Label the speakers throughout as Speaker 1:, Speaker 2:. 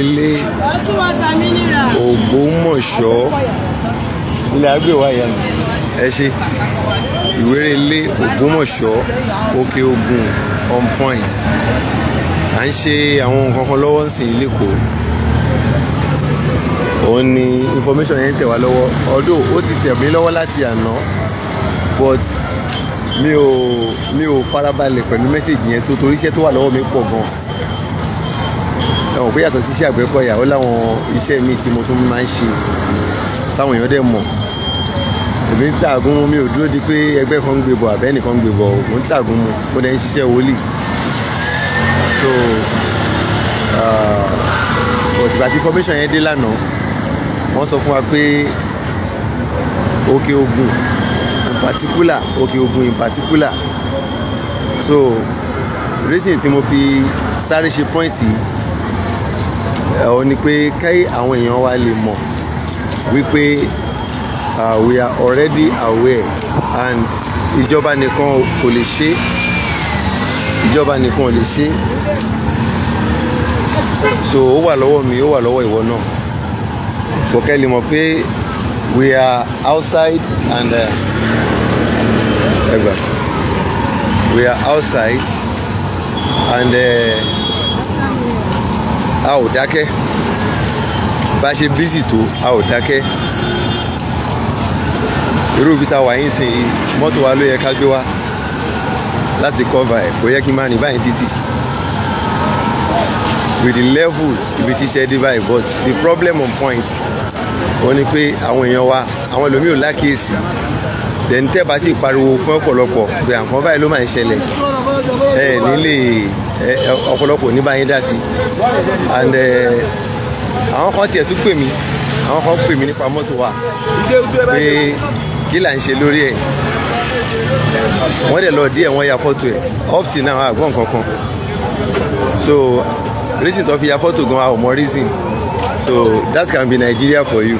Speaker 1: Mọ́rẹ́lé Ògbómọ̀ṣọ́ ilẹ̀ agbèwà yẹn ẹ ṣe Ìwérelé Ògbómọ̀ṣọ́ Òkè Ògùn on point à ń ṣe àwọn nǹkan kan lọ́wọ́ sí lẹ́kọ̀ọ́ òun ni information yẹn tẹ̀ wá lọ́wọ́ ọdún ó ti tẹ̀ mí lọ́wọ́ láti àná but mi ò mi ò farabalẹ̀ pẹ̀lú mẹ́sẹ̀gì yẹn tó torí iṣẹ́ tó wà lọ́wọ́ mi pọ̀ gan-an ẹ̀wọ̀n pé yàtọ̀ sí iṣẹ́ Àgbẹ̀kọ̀yà ó láwọn iṣẹ́ mi tí mo tún máa ń ṣe táwọn èèyàn dẹ̀ mọ̀ èmi ń tààgùn mi ò dúró di pé ẹgbẹ́ kan ń gbébọ̀ àbẹ́ ẹnìkan ń gbébọ̀ ò ń tààgùn mu mo dẹ̀ ń ṣiṣẹ́ wòlíì so òsìgbà tí information yẹn dé lánàá wọ́n sọ fún wa pé Òkè Ògùn in particular Òkè Ògùn in particular so reason tí mo fi sáré ṣe point yìí òun ni pé kí àwọn èèyàn wa lè mọ̀ wípé we are already aware and ìjọba nìkan kò lè ṣe ìjọba nìkan ò lè ṣe so ó wà lọ́wọ́ mi ó wà lọ́wọ́ ìwọ náà bọ̀kẹ́ lè mọ̀ pé we are outside and uh, we are outside and. Uh, a ò dákẹ́ bá a ṣe bísì tó a ò dákẹ́ irú ibi tá a wà yín sìn yìí mọ́tò wa ló yẹ ká gbé wá láti kọ́va ẹ̀ kò yẹ kí n máa rìn báyìí títì with the level ibi tí iṣẹ́ dé báyìí but the problem on point wọ́n ní pé àwọn èèyàn wa àwọn ẹlòmíì ò lákìyèsí dẹ̀ntẹ́ bá sì pariwo fún ọ̀pọ̀lọpọ̀ pé àǹfọ̀n báyìí ló máa ń ṣẹlẹ̀ ẹ nílé ọ̀pọ̀lọpọ̀ ní báyìí dá sí and àwọn kan tiẹ̀ tún pè mí àwọn kan pè mí nípa mọ́tò wa pé kí là ń ṣe lórí ẹ̀ wọ́n dẹ̀ lọ díẹ̀ wọ́n ya fọ́tò ẹ̀ up till now àgbọ̀n kankan so reason tó fi ya fọ́tò gan a ò mọ reason so that can be Nigeria for you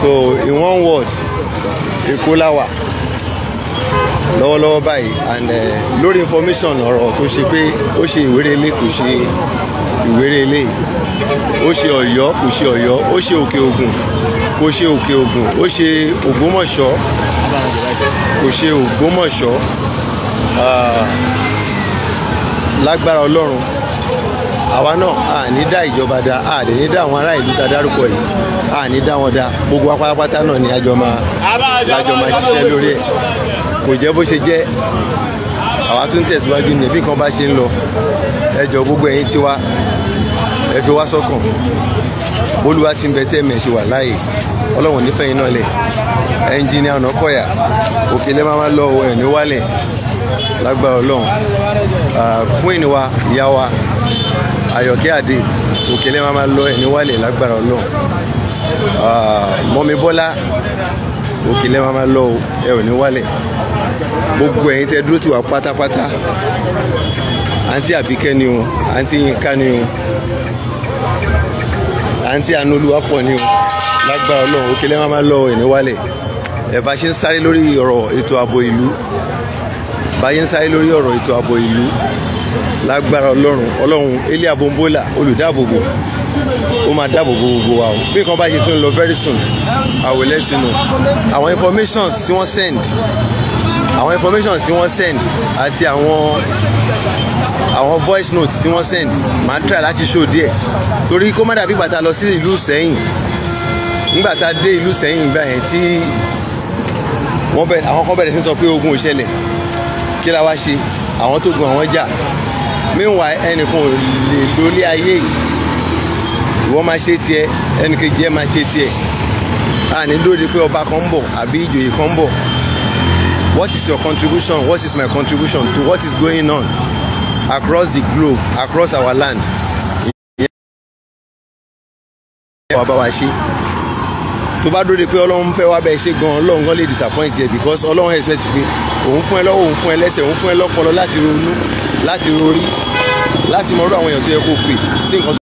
Speaker 1: so in one word Èkó la wà lọ́wọ́lọ́wọ́ báyìí and eh, lórí information ọ̀rọ̀ tó ṣe pé ó ṣe ìwérelé kò ṣe ìwérelé ó ṣe ọ̀yọ́ kò ṣe ọ̀yọ́ ó ṣe òkè ògùn kò ṣe òkè ògùn ó ṣe ògbómọ̀ṣọ́ kò ṣe ògbómọ̀ṣọ́ ah, lágbára ọlọ́run àwa náà a ní dá ìjọba dá a dẹ̀ ní dá àwọn ará ìlú ta dárúkọ yìí a ní dá wọn dá gbogbo apátápátá náà ni a jọ máa lájọ máa ṣiṣẹ́ lórí ẹ̀ kò jẹ́ bó ṣe jẹ́ àwa tún tẹ̀síwájú ní ẹbí kan bá ṣe ń lọ ẹ jọ̀ọ́ gbogbo ẹ̀yin tiwa ẹ fi wá sọ́kàn olúwa ti ń bẹ tẹ́ ẹ̀mẹ̀ ṣe wà láàyè ọlọ́run nífẹ̀ẹ́ iná lẹ̀ ẹnjìnìà Ọ̀nàkọ̀yà òkè lẹ́ẹ̀ máa lọ ẹ̀ ní wálẹ̀ lágbára ọlọ́run queen wa ìyá wa Àyọ̀kẹ́ Adé òkè lẹ́ẹ̀ máa lọ ẹ̀ ní wálẹ̀ lágbára ọlọ́run mọ́mi Bọ́lá òkè lẹ́ẹ̀ máa lọ ẹ̀ ní wálẹ̀ gbogbo ẹ̀yin tẹ́ dúró tì wá pátápátá àǹtí àbíkẹ́ ni o àǹtí yínká ni o àǹtí ànolúwapọ̀ ni o lágbára ọlọ́run òkè lẹ́wọ̀n máa lọ ìní wálẹ̀ ẹ̀ bá ṣe ń sáré lórí ọ̀rọ̀ ètò ààbò ìlú bá ṣe ń sáré lórí ọ̀rọ̀ ètò ààbò ìlú lágbára ọlọ́run ọlọ́run elé abombola olùdáàbòbò ó máa dáàbòbò gbogbo wa o bí nǹkan bá ṣe tún lọ very soon I will let you know àwọn information, tí wọ́n send àwọn information tí wọ́n send àti àwọn àwọn voice note tí wọ́n send máa try láti show díẹ̀ torí kó má dàbí ìgbà tá lọ sí ìlú sẹ́yìn nígbà tá dé ìlú sẹ́yìn ìgbà yẹn tí wọ́n bẹ̀rẹ̀ àwọn kan bẹ̀rẹ̀ sí sọ pé ogun ò ṣẹlẹ̀ kí la wá ṣe àwọn tó gun àwọn jà meanwhile ẹnìkan ò lè lólé ayé yìí ìwọ máa ṣe tiẹ̀ ẹnìkejì ẹ máa ṣe tiẹ̀ àní lóde pé ọba kan ń bọ̀ àbí ìjòyè kan ń bọ̀ what is your contribution what is my contribution to what is going on across the globe across our land wàá bá wa ṣe tó bá dóde pé ọlọ́run fẹ́ wá bẹ́ẹ̀ ṣe gan ọlọ́run gan lè disappoint yẹ because ọlọ́run expect pé òun fún ẹ lọ́wọ́ òun fún ẹ lẹ́sẹ̀ òun fún ẹ lọ́pọlọ láti ronú láti rorí láti mọ̀rú àwọn èèyàn tó yẹ kó pè sí nǹkan.